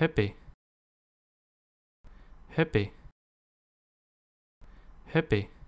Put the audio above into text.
hippie hippie hippie